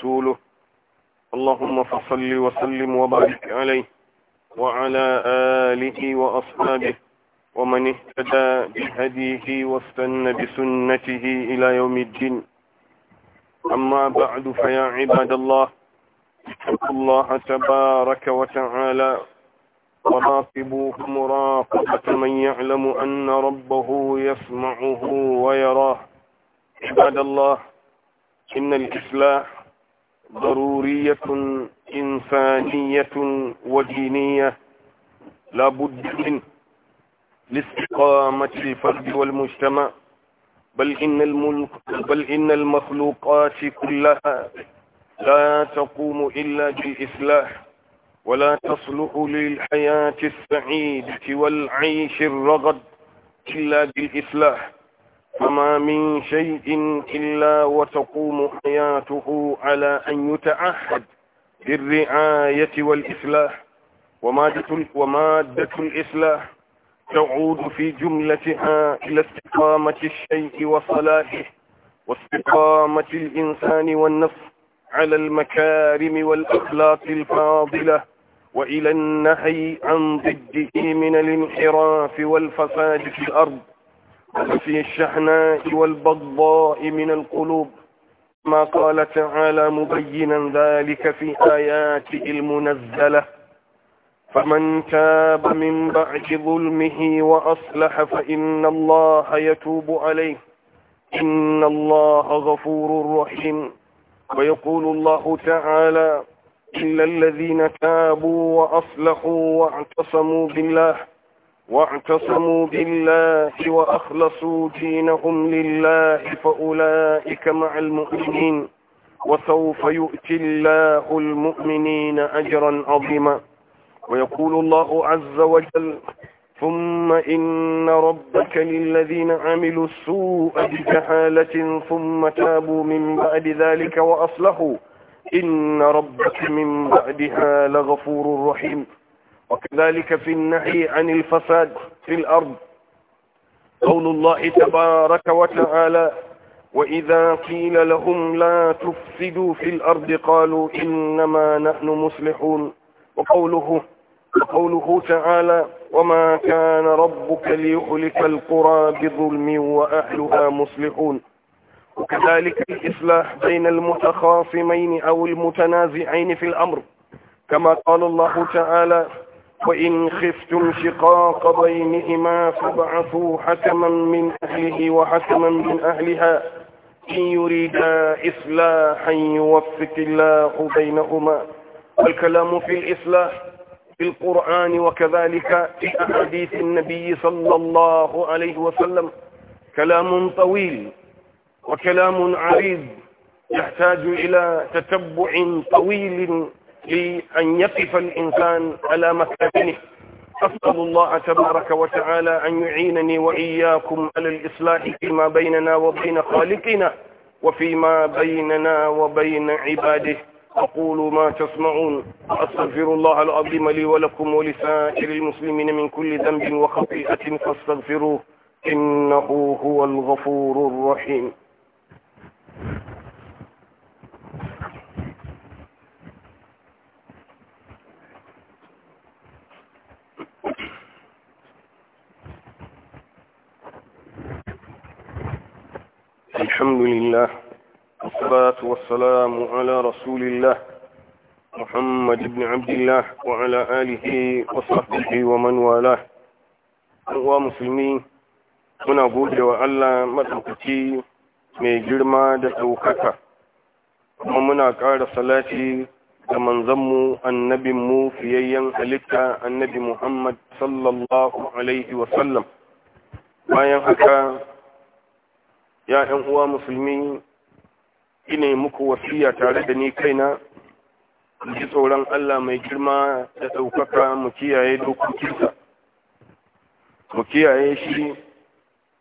ورسوله اللهم فصل وسلم وبارك عليه وعلى آله وأصحابه ومن اهتدى بهديه واستنى بسنته إلى يوم الدين أما بعد فيا عباد الله اتقوا الله تبارك وتعالى وراقبوه مراقبة من يعلم أن ربه يسمعه ويراه عباد الله إن الإصلاح ضرورية إنسانية ودينية لا بد منه لاستقامة الفرد والمجتمع بل إن, الملك بل إن المخلوقات كلها لا تقوم إلا بالإصلاح ولا تصلح للحياة السعيدة والعيش الرغد إلا بالإصلاح فما من شيء إلا وتقوم حياته على أن يتعهد بالرعاية والإصلاح ومادة, ومادة الإصلاح تعود في جملتها إلى استقامة الشيء وصلاحه واستقامة الإنسان والنفس على المكارم والأخلاق الفاضلة وإلى النهي عن ضده من الانحراف والفساد في الأرض وفي الشحناء والبغضاء من القلوب ما قال تعالى مبينا ذلك في آياته المنزلة فمن تاب من بعد ظلمه وأصلح فإن الله يتوب عليه إن الله غفور رحيم ويقول الله تعالى إلا الذين تابوا وأصلحوا واعتصموا بالله واعتصموا بالله وأخلصوا دينهم لله فأولئك مع المؤمنين وسوف يؤتي الله المؤمنين أجرا عظيما ويقول الله عز وجل ثم إن ربك للذين عملوا السوء بجهالة ثم تابوا من بعد ذلك وأصلحوا إن ربك من بعدها لغفور رحيم وكذلك في النهي عن الفساد في الأرض قول الله تبارك وتعالى وإذا قيل لهم لا تفسدوا في الأرض قالوا إنما نحن مصلحون وقوله وقوله تعالى وما كان ربك ليخلف القرى بظلم وأهلها مصلحون وكذلك الإصلاح بين المتخاصمين أو المتنازعين في الأمر كما قال الله تعالى وإن خفتم شقاق بينهما فابعثوا حكما من أهله وحكما من أهلها إن يريدا إصلاحا يوفق الله بينهما الكلام في الإصلاح في القرآن وكذلك في أحاديث النبي صلى الله عليه وسلم كلام طويل وكلام عريض يحتاج إلى تتبع طويل لأن يقف الإنسان على مكانه أسأل الله تبارك وتعالى أن يعينني وإياكم على الإصلاح فيما بيننا وبين خالقنا وفيما بيننا وبين عباده أقول ما تسمعون وأستغفر الله العظيم لي ولكم ولسائر المسلمين من كل ذنب وخطيئة فاستغفروه إنه هو الغفور الرحيم الحمد لله والصلاة والسلام على رسول الله محمد بن عبد الله وعلى آله وصحبه ومن والاه ومسلمين muna gode wa Allah maɗaukaki mai girma da ɗaukaka kuma muna ƙara salati ga manzanmu annabinmu halitta annabi Muhammad bayan haka ya ‘yan uwa musulmi ina muku wasiya tare da ni kaina ji tsoron Allah mai girma da ɗaukaka mu kiyaye dokokinsa mu kiyaye shi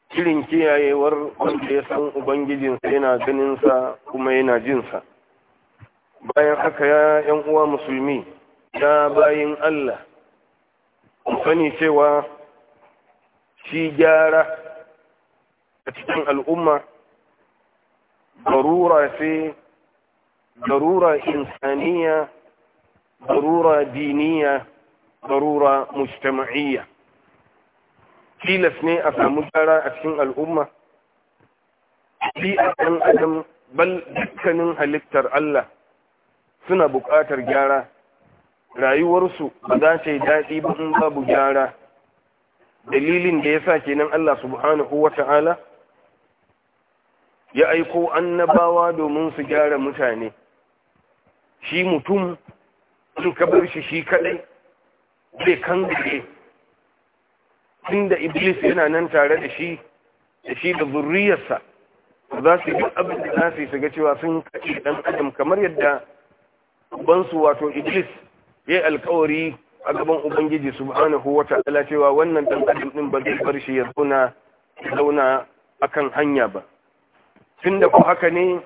kirin kiyayewar wanda ya san ubangijinsa yana ganinsa kuma yana jinsa bayan haka ya ‘yan uwa musulmi ya bayin Allah sani cewa shi gyara a cikin al'umma darura ce darura insaniya darura diniya darura mujtama'iyya tilas ne a samu gyara a cikin al'umma bi a ɗan adam bal dukkanin halittar Allah suna buƙatar gyara rayuwarsu ba za ta yi daɗi ba in babu gyara dalilin da ya sa kenan Allah subhanahu wa ta'ala ya aiko annabawa domin su gyara mutane shi mutum in ka bar shi shi kadai zai gare inda iblis yana nan tare da shi da shi da zurriyarsa za su yi abin da za su yi su cewa sun kaɗi ɗan adam kamar yadda ubansu wato iblis ya yi alkawari a gaban ubangiji subhanahu wa ala cewa wannan ɗan adam ɗin ba zai bar shi ya zauna zauna akan hanya ba tun da ku haka ne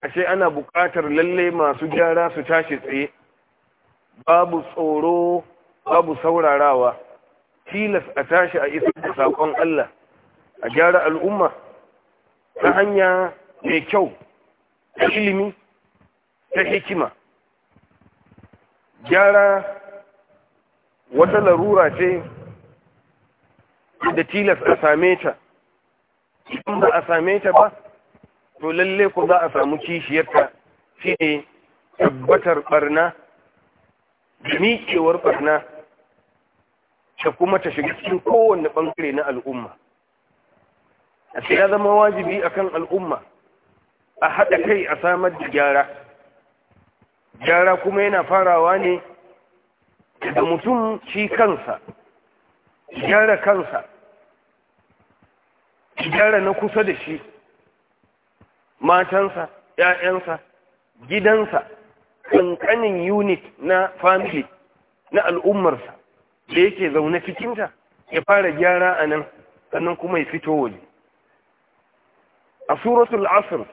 ashe ana buƙatar lalle masu gyara su tashi tsaye babu tsoro babu saurarawa tilas a tashi a isar da saƙon Allah a gyara al'umma ta hanya mai kyau ta ilimi ta hikima gyara wata larura ce da tilas a same ta ba a same ta ba to lalle ku za a samu kishiyarta shi ne tabbatar barna da miƙewar barna ta kuma ta shiga cikin kowane ɓangare na al'umma a ce ya zama wajibi akan al'umma a haɗa kai a samar da gyara gyara kuma yana farawa ne da mutum shi kansa gyara kansa gyara na kusa da shi matansa ‘ya'yansa gidansa ƙanƙanin unit na family na al'ummarsa da yake zaune cikinta ya fara gyara a nan sannan kuma ya fito waje a suratul asr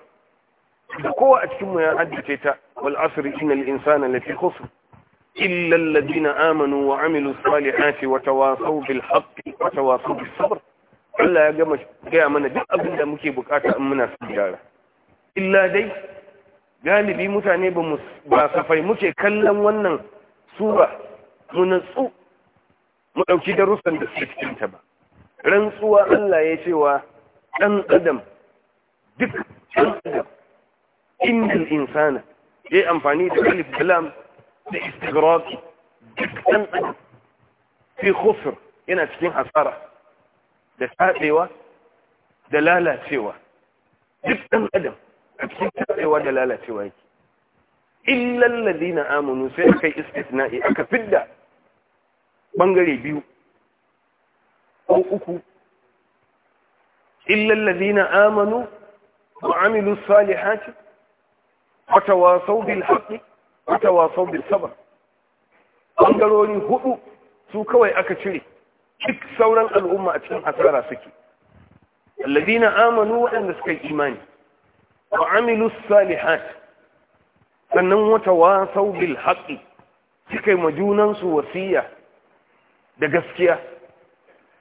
da kowa a cikinmu ya haddace ta wal asr innal insana lafi khusr illa alladhina amanu wa amilu salihati wa tawasaw bil haqqi wata tawasaw bis Allah ya gama gaya mana duk abin da muke bukata in muna son gyara illa dai galibi mutane ba safai muke kallon wannan sura mu natsu mu ɗauki darussan da suke ba rantsuwa Allah ya cewa ɗan adam duk ɗan adam insana yayi amfani da alif da da istigrafi duk ɗan adam fi khusr yana cikin hasara da tsadewa da lalacewa duk ɗan adam a cikin tabewa da lalacewa yake illal ladina amanu sai aka yi istisna'i aka fidda bangare biyu ko uku illal ladina amanu wa amilu salihati wata wasau bil haqqi wa tawasaw bis sabr bangarori hudu su kawai aka cire duk sauran al'umma a cikin hasara suke alladina amanu waɗanda suka yi imani wa amilu salihat sannan wata wasau bil haqqi suka majunan su wasiya da gaskiya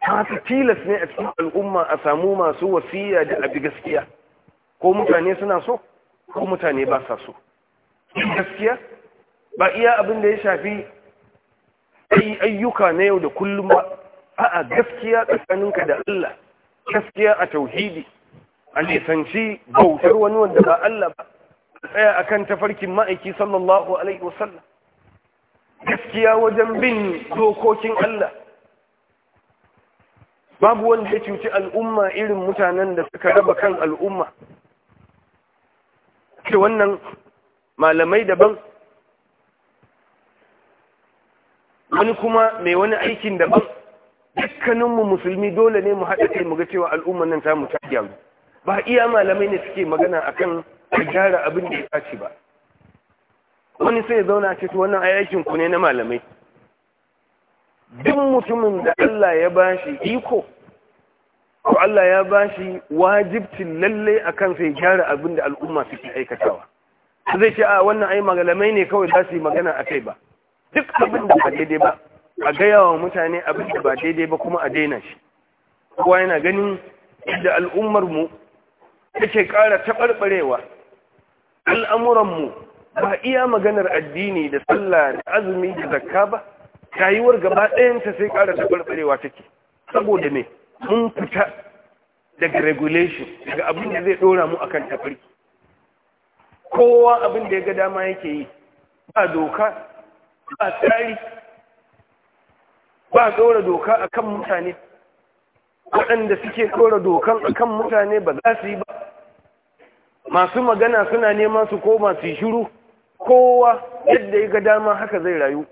haka tilas ne a cikin al'umma a samu masu wasiya da abi gaskiya ko mutane suna so ko mutane ba sa so gaskiya ba iya abin da ya shafi ayyuka na yau da kullum ba a'a gaskiya tsakaninka da Allah gaskiya a tauhidi a nisanci bautar wani wanda ba Allah ba tsaya kan tafarkin ma'aiki sallallahu alaihi wasallam gaskiya wajen bin dokokin Allah babu wanda ya cuci al'umma irin mutanen da suka raba kan al'umma ke wannan malamai daban wani kuma mai wani aikin daban dukkaninmu musulmi dole ne mu haɗa kai mu ga cewa al'umman nan ta mutu ta gyaru ba iya malamai ne suke magana akan kan gyara abin da ya ɓaci ba wani sai zauna ce su wannan ayyakin ku ne na malamai duk mutumin da Allah ya bashi iko ko Allah ya bashi wajibcin lalle kan sai gyara abin da al'umma suke aikatawa zai ce a wannan ai malamai ne kawai za su yi magana a kai ba duk abin da ba daidai ba a gaya wa mutane abin da ba daidai ba kuma a daina shi kowa yana ganin da al'ummar mu yake ƙara taɓarɓarewa al'amuranmu ba iya maganar addini da sallah da azumi da zakka ba rayuwar gaba ɗayanta sai ƙara taɓarɓarewa take saboda me mun fita daga regulation daga abin da zai ɗora mu akan tafarki kowa abin da ya ga dama yake yi ba doka ba tsari ba ɗora doka akan mutane waɗanda suke ɗora dokan akan mutane ba za su yi ba masu magana suna neman su koma su shiru kowa yadda ya ga dama haka zai rayu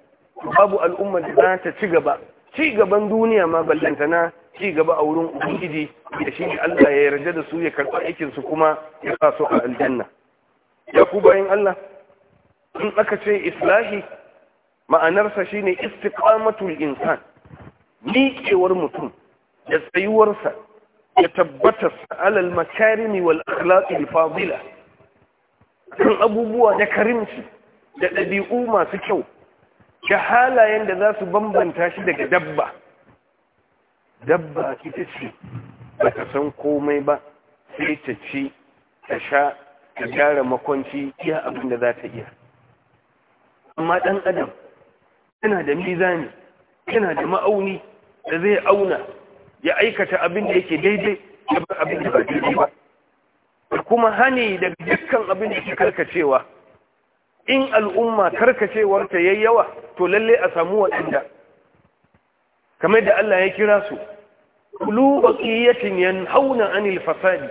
babu al'ummar da za ta ci gaba ci gaban duniya ma ballantana ci gaba a wurin ubangiji da shi Allah ya yarda da su ya karɓa aikin su kuma ya sa su a aljanna ya ku bayin Allah in aka ce islahi ma'anarsa shine istiqamatul insan miƙewar mutum da tsayuwarsa ya tabbatar alal makarimi wal akhlaqil fadila kan abubuwa da karimci da ɗabi'u masu kyau da halayen da za su bambanta shi daga dabba dabba ita ce ba ta san komai ba sai ta ci ta sha ta gyara makwanci iya abin da za ta iya amma ɗan adam yana da mizani yana da ma'auni da zai auna ya aikata abin da yake daidai ya bar abin da ba daidai ba kuma hani daga dukkan abin da ke karkacewa in al'umma karkacewar ta yayi yawa to lalle a samu waɗanda kamar da Allah ya kira su kulu baqiyatin yanhauna anil fasadi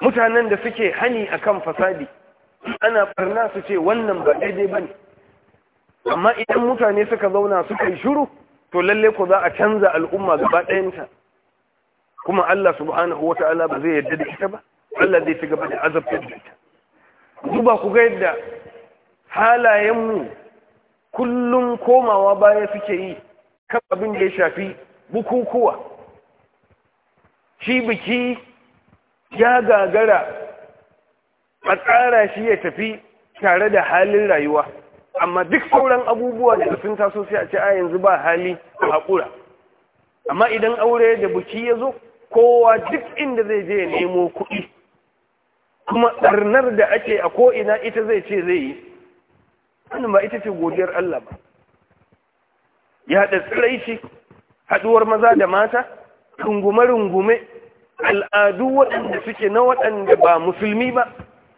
mutanen da suke hani akan fasadi ana barna su ce wannan ba daidai bane amma idan mutane suka zauna suka yi shiru to lalle ku za a canza al'umma gaba ɗayanta kuma Allah subhanahu wa ta'ala ba zai yadda da ita ba Allah zai fi gaba da azabtar da ita duba ku ga yadda halayenmu kullum komawa baya suke yi kan abin da ya shafi bukukuwa shi biki ya gagara a tsara shi ya tafi tare da halin rayuwa amma duk sauran abubuwa da sun taso sai a ce a yanzu ba hali haƙura amma idan aure da buki ya zo kowa duk inda zai je ya nemo kuɗi kuma ɗarnar da ake a ko'ina ita zai ce zai yi Wani ba ita ce godiyar Allah ba ya haɗa tsiraici haɗuwar maza da mata rungume-rungume al'adu waɗanda suke na waɗanda ba musulmi ba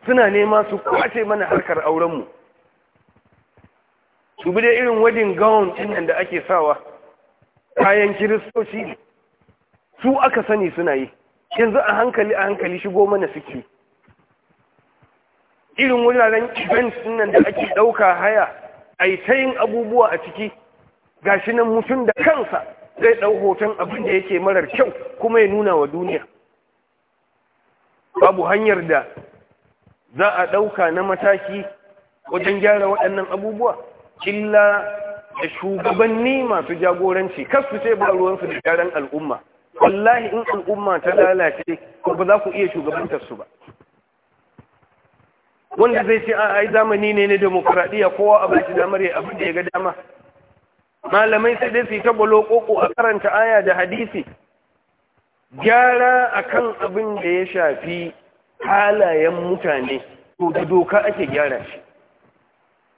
suna nema su kwace mana harkar aurenmu dubi da irin wedding gown ɗinnan da ake sawa kayan kiristoci su aka sani suna yi yanzu a hankali a hankali shigo mana suke irin wuraren events ɗinnan da ake ɗauka haya a yi ta yin abubuwa a ciki gashi nan mutum da kansa zai ɗau hoton abin da yake marar kyau kuma ya nuna wa duniya babu hanyar da za a ɗauka na mataki wajen gyara waɗannan abubuwa killa da shugabanni masu jagoranci kasu ce ba ruwansu da gyaran al'umma wallahi in al'umma ta lalace ko ba za ku iya shugabantarsu ba wanda zai ce a ai zamani ne na demokradiyya kowa a bashi damar ya abin da ya ga dama malamai sai dai su yi ta koko a karanta aya da hadisi gyara akan abin da ya shafi halayen mutane to da doka ake gyara shi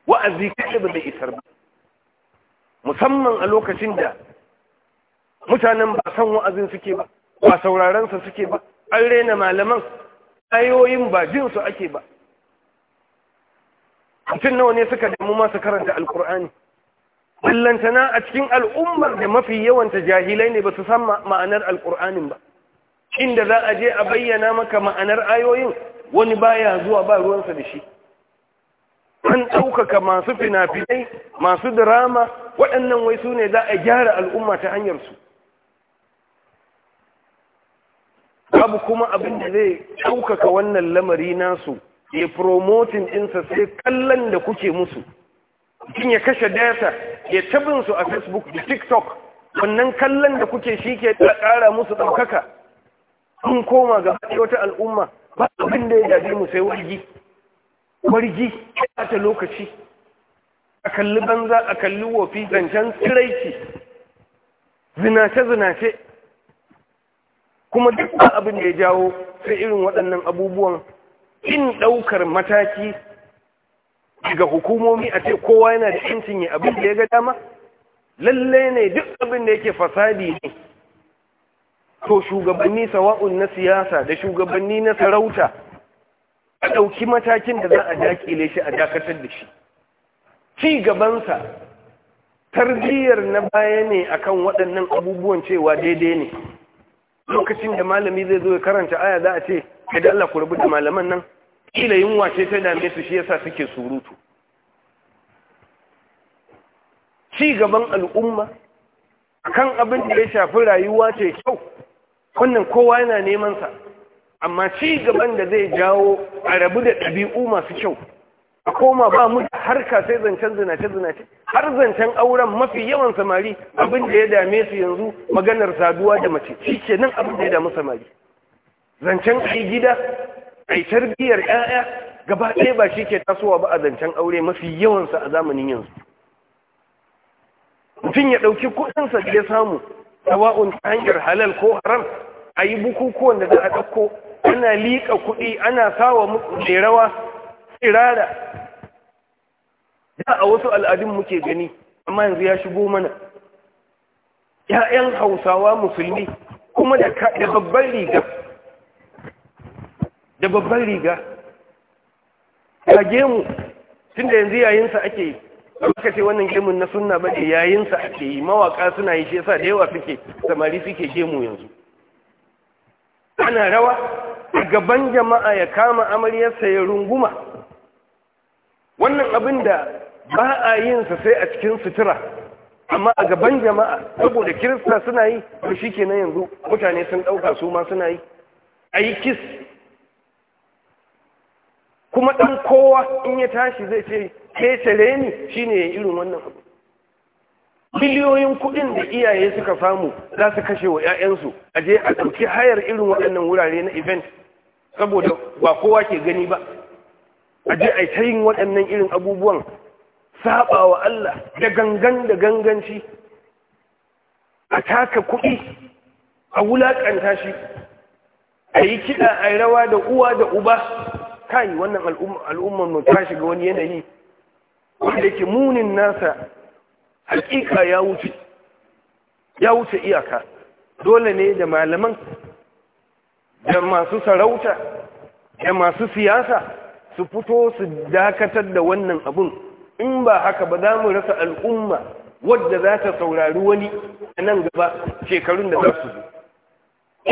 wa'azi kaɗai ba zai isar ba musamman a lokacin da mutanen ba san wa'azin suke ba ba saurarensa suke ba an rena malaman ayoyin ba jinsu ake ba mutum nawa ne suka damu masu karanta alkur'ani ballantana a cikin al'ummar da mafi yawanta jahilai ne ba su san ma'anar alkur'anin ba inda za a je a bayyana maka ma'anar ayoyin wani baya zuwa ba ruwansa da shi an ɗaukaka masu fina-finai masu dirama waɗannan wai su ne za a gyara al'umma ta hanyarsu babu kuma abin da zai ɗaukaka wannan lamari nasu ya promotin ɗinsa sai kallon da kuke musu mutum ya kashe data ya tabinsu a facebook da tiktok wannan kallon da kuke shi ke ƙara musu ɗaukaka an koma ga wata al'umma ba abin da ya dabi mu sai wargi wargi ta lokaci a kalli banza a kalli wofi zancen tsiraici zinace-zinace kuma duk abin da ya jawo sai irin waɗannan abubuwan in ɗaukar mataki daga hukumomi a ce kowa yana da yancin ya abin da ya ga dama lalle ne duk abin da yake fasadi ne to shugabanni sawa'un na siyasa da shugabanni na sarauta a ɗauki matakin da za a dakile shi a dakatar da shi ci gabansa tarbiyyar na baya ne akan waɗannan abubuwan cewa daidai ne lokacin da malami zai zo ya karanta aya za a ce kai da Allah ku rubuta malaman nan kila yunwa ce ta dame su shi yasa suke surutu ci gaban al'umma akan abin da ya shafi rayuwa ce kyau wannan kowa yana neman sa amma ci gaban da zai jawo a rabu da ɗabi'u masu kyau a koma ba mu harka sai zancen zinace zinace har zancen auren mafi yawan samari abin da ya dame su yanzu maganar saduwa da mace shi ke nan abin da ya damu samari zancen ai gida ai tarbiyyar 'ya'ya gaba ɗaya ba shi ke tasowa ba a zancen aure mafi yawansa a zamanin yanzu mutum ya ɗauki kuɗinsa da ya samu tawa'un ta hanyar halal ko haram a yi bukukuwan da za a ɗauko ana liƙa kuɗi ana sawa mai rawa tsirara da a wasu al'adun muke gani amma yanzu ya shigo mana ‘ya'yan hausawa musulmi kuma da babban riga da babbar riga gemu tun da yanzu yayinsa ake yi suka ce wannan gemun na suna ba yayinsa ake yi mawaka suna yi shi yasa da yawa suke samari suke gemu yanzu ana rawa a gaban jama'a ya kama amaryarsa ya runguma wannan abin da ba a yinsa sai a cikin sutura amma a gaban jama'a saboda kirista suna yi ko shi ke nan yanzu mutane sun ɗauka su ma suna yi a yi kis kuma ɗan kowa in ya tashi zai ce ketare ni shi ne ya irin wannan abu Miliyoyin kuɗin da iyaye suka samu za su kashe wa 'ya'yansu a je a ɗauki hayar irin waɗannan wurare na event saboda ba kowa ke gani ba a ji a ta yin waɗannan irin abubuwan saba wa Allah da gangan da ganganci a taka kuɗi a wulaƙanta shi a yi kiɗa a rawa da uwa da uba kai wannan al'ummar mu ta shiga wani yanayi wanda ke munin nasa hakika ya wuce ya wuce iyaka dole ne da malaman da masu sarauta da masu siyasa su fito su dakatar da wannan abun in ba haka ba za mu rasa al'umma wadda za ta saurari wani a nan gaba shekarun da za su zo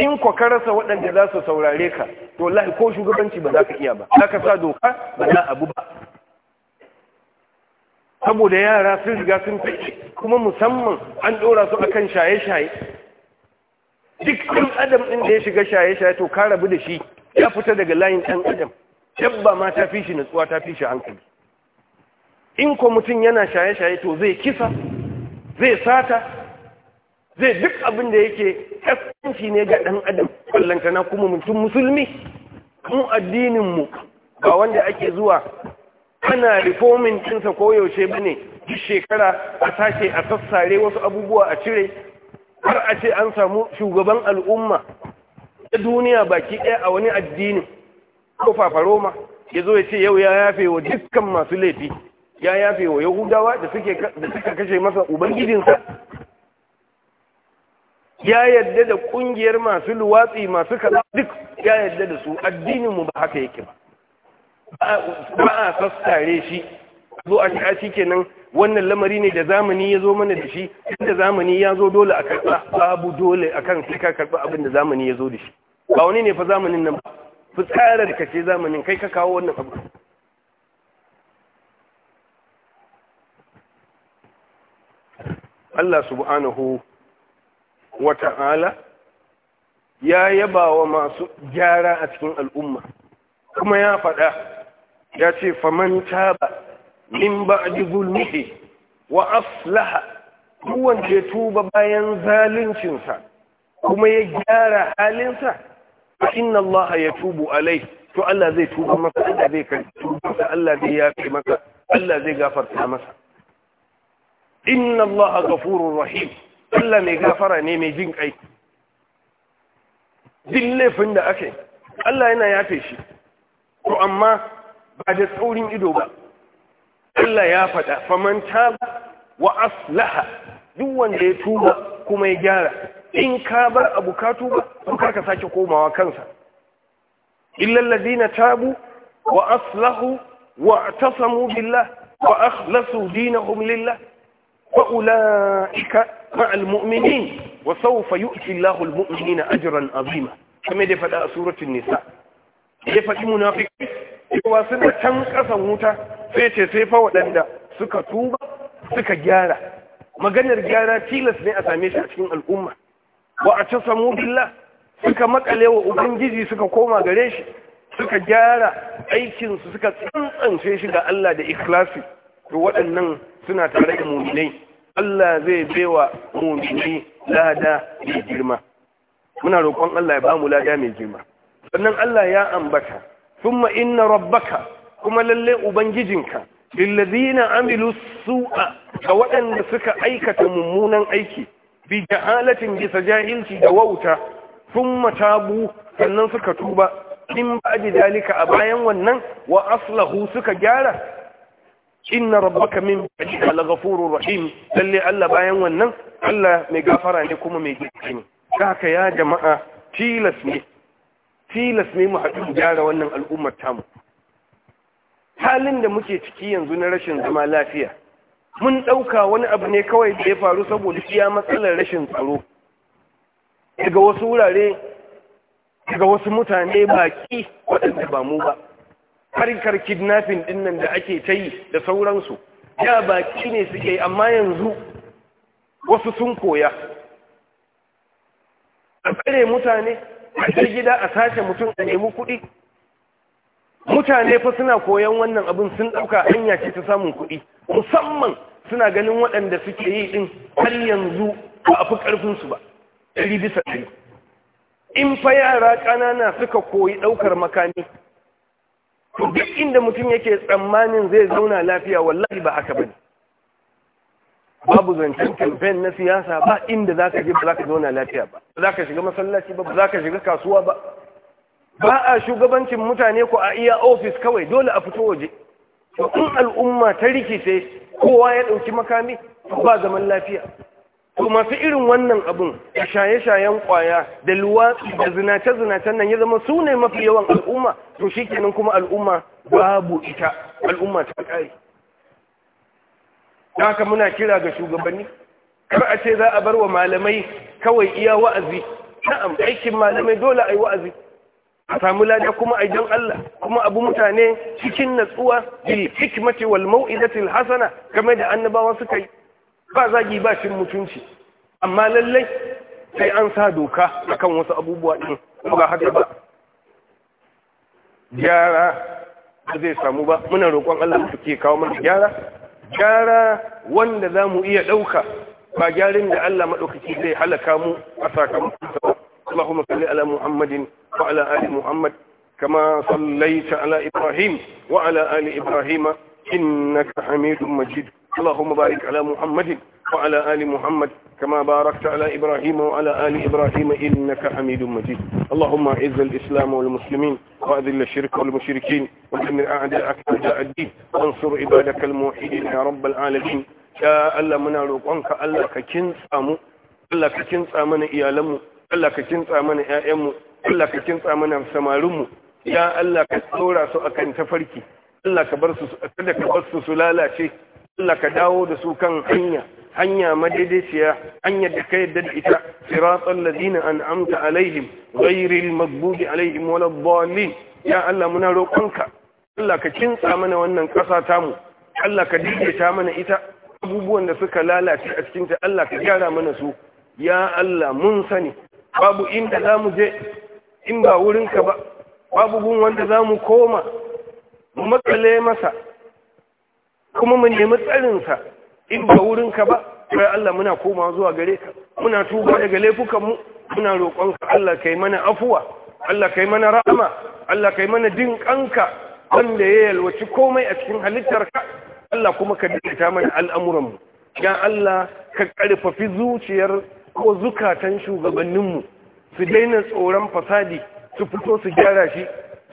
in ko ka rasa waɗanda za su saurare ka to lai ko shugabanci ba za ka iya ba za ka sa doka ba za abu ba saboda yara sun riga sun fice kuma musamman an ɗora su akan shaye-shaye duk ɗan adam ɗin da ya shiga shaye-shaye to ka rabu da shi ya fita daga layin ɗan adam dabba ma ta fi shi natsuwa ta fi shi hankali in ko mutum yana shaye-shaye to zai kisa zai sata zai duk abin da yake kaskanci ne ga ɗan adam ƙwallantana kuma mutum musulmi mu addininmu ba wanda ake zuwa ana reforming ɗinsa koyaushe ba ne duk shekara a sake a sassare wasu abubuwa a cire har a ce an samu shugaban al'umma ta duniya baki ɗaya a wani addini ko fafaroma ya zo ya ce yau ya yafe wa dukkan masu laifi ya yafe wa yahudawa da suka kashe masa ubangijinsa ya yadda da ƙungiyar masu luwatsi masu kaɗa duk ya yadda da su addininmu ba haka yake ba ba a sassare shi zo a shi kenan wannan lamari ne da zamani ya zo mana da shi inda zamani ya zo dole a karɓa babu dole a kan sai ka karɓa abin da zamani ya zo da shi ba wani ne fa zamanin nan ba tsara da ce zamanin kai ka kawo wannan abu Allah subhanahu wa ta'ala ya yaba wa masu gyara a cikin al'umma kuma ya faɗa ya ce faman taba min ba'di zulmihi wa aslaha duk wanda ya tuba bayan zaluncinsa kuma ya gyara halinsa fa inna Allah ya tubu alai to Allah zai tuba masa Allah zai karbi tuba Allah zai yafe masa Allah zai gafarta masa inna Allah ghafurur rahim Allah mai gafara ne mai jin kai din laifin da ake Allah yana yafe shi to amma ba da tsaurin ido ba Allah ya faɗa faman taba wa aslaha duk wanda ya tuba kuma ya gyara in ka bar abu ka tuba to karka sake komawa kansa illal ladina tabu wa aslahu wa tasamu billah wa akhlasu dinahum lillah fa ulaika ma'al mu'minin wa sawfa yu'ti Allahu al-mu'minina ajran 'azima kamar da faɗa a suratul nisa ya faɗi munafiki cewa suna can ƙasan wuta sai ce sai fa waɗanda suka tuba suka gyara maganar gyara tilas ne a same shi a cikin al'umma wa a ta samu billah suka makale wa ubangiji suka koma gare shi suka gyara aikinsu suka tsantsance shi ga Allah da ikhlasi to waɗannan suna tare da muminai Allah zai baiwa muminai lada mai girma muna roƙon Allah ya ba mu lada mai girma sannan Allah ya ambata thumma inna rabbaka kuma lalle ubangijinka lillazina amilu su'a ga waɗanda suka aikata mummunan aiki bi jahalatin bisa jahilci da wauta thumma tabu sannan suka tuba in ji dalika a bayan wannan wa aslahu suka gyara inna rabbaka min ba'dika laghafurur rahim lalle Allah bayan wannan Allah mai gafara ne kuma mai gaskiya ne haka ya jama'a tilas ne tilas ne mu haɗu gyara wannan al'ummar tamu halin da muke ciki yanzu na rashin zama lafiya mun ɗauka wani abu ne kawai da ya faru saboda iya matsalar rashin tsaro daga wasu wurare daga wasu mutane baƙi waɗanda ba mu ba harkar kidnafin ɗinnan da ake ta yi da sauransu ya baƙi ne suke amma yanzu wasu sun koya a tsare mutane a gida a sace mutum a nemi kuɗi mutane fa suna koyon wannan abin sun ɗauka hanya ce ta samun kuɗi musamman suna ganin waɗanda suke yi ɗin har yanzu ba a fi ƙarfinsu ba ɗari bisa ɗari in fa yara ƙanana suka koyi ɗaukar makami to duk inda mutum yake tsammanin zai zauna lafiya wallahi ba haka bane babu zancen kamfen na siyasa ba inda za ka je ba za ka zauna lafiya ba ba za ka shiga masallaci ba ba za ka shiga kasuwa ba ba a shugabancin mutane ko a iya ofis kawai dole a fito waje to in al'umma ta rikice kowa ya ɗauki makami ba zaman lafiya to masu irin wannan abun da shaye-shayen kwaya da luwatsu da zinace-zinacen nan ya zama su ne mafi yawan al'umma to shi kenan kuma al'umma babu ita al'umma ta ƙari da haka muna kira ga shugabanni kar a ce za a bar wa malamai kawai iya wa'azi na'am aikin malamai dole a yi wa'azi a samu lada kuma a jan Allah kuma abu mutane cikin natsuwa bil hikmati wal mau'izatil hasana game da annabawa suka yi ba zagi ba shin mutunci amma lallai sai an sa doka akan wasu abubuwa din ba haka ba gyara ba zai samu ba muna roƙon Allah su ke kawo mana gyara gyara wanda za mu iya ɗauka ba gyarin da Allah maɗaukaki zai halaka mu a sakamakon اللهم صل على محمد وعلى آل محمد كما صليت على إبراهيم وعلى آل إبراهيم إنك حميد مجيد اللهم بارك على محمد وعلى آل محمد كما باركت على إبراهيم وعلى آل إبراهيم إنك حميد مجيد اللهم أعز الإسلام والمسلمين وأذل الشرك والمشركين ودمر أعداءك أعداء الدين وانصر عبادك الموحدين يا رب العالمين يا الله منا روقانك الله ككنسامو Allah ka kintsa mana iyalanmu Allah ka kintsa mana ƴaƴanmu Allah ka kintsa mana samarinmu ya Allah ka tsora su akan tafarki Allah ka bar su kada ka bar su su lalace Allah ka dawo da su kan hanya hanya madaidaiciya Hanya da ka yadda da ita siratal ladina an'amta alaihim ghayril maghdubi alaihim waladdallin ya Allah muna roƙonka Allah ka kintsa mana wannan ƙasa tamu Allah ka daidaita mana ita abubuwan da suka lalace a cikin ta Allah ka gyara mana su ya Allah mun sani babu inda za mu je in ba wurinka ba babu gun wanda za mu koma mu matsale masa kuma mu nemi tsarinsa in ba wurinka ba sai Allah muna koma zuwa gare ka muna tuba daga laifukanmu muna roƙonka Allah kai mana afuwa Allah kai mana rahama Allah kai mana dinkanka wanda ya yalwaci komai a cikin halittarka Allah kuma ka dinka mana al'amuranmu ya Allah ka ƙarfafi zuciyar ko zukatan shugabanninmu su daina tsoron fasadi su fito su gyara shi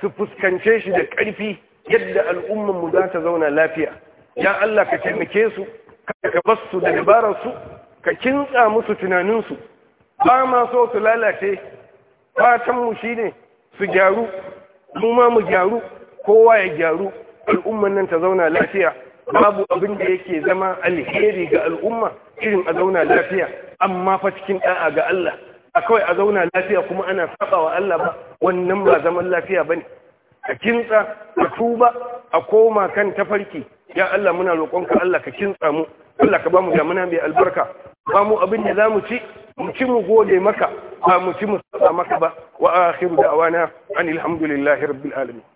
su fuskance shi da ƙarfi yadda al'ummanmu za ta zauna lafiya ya Allah ka taimake su ka bas su da dabararsu ka kintsa musu tunaninsu ba ma so su lalace fatanmu shi ne su gyaru mu mu gyaru kowa ya gyaru al'umman nan ta zauna lafiya babu abin da yake zama alheri ga al'umma irin a zauna lafiya amma fa cikin da'a ga Allah a kawai a zauna lafiya kuma ana saba wa Allah ba wannan ba zaman lafiya bane ka kintsa ka tuba a koma kan tafarki ya Allah muna roƙonka Allah ka kintsa mu Allah ka bamu damuna mai albarka ba mu abin da zamu ci mu ci mu gode maka ba mu ci mu saba maka ba wa akhiru da'wana anil hamdulillahi rabbil alamin